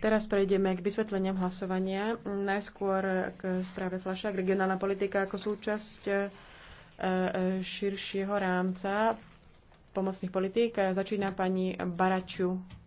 Teraz prejdeme k vysvetleniam hlasovania. Najskôr k správe Flašák. Regionálna politika ako súčasť e, e, širšieho rámca pomocných politík. Začína pani Baraču.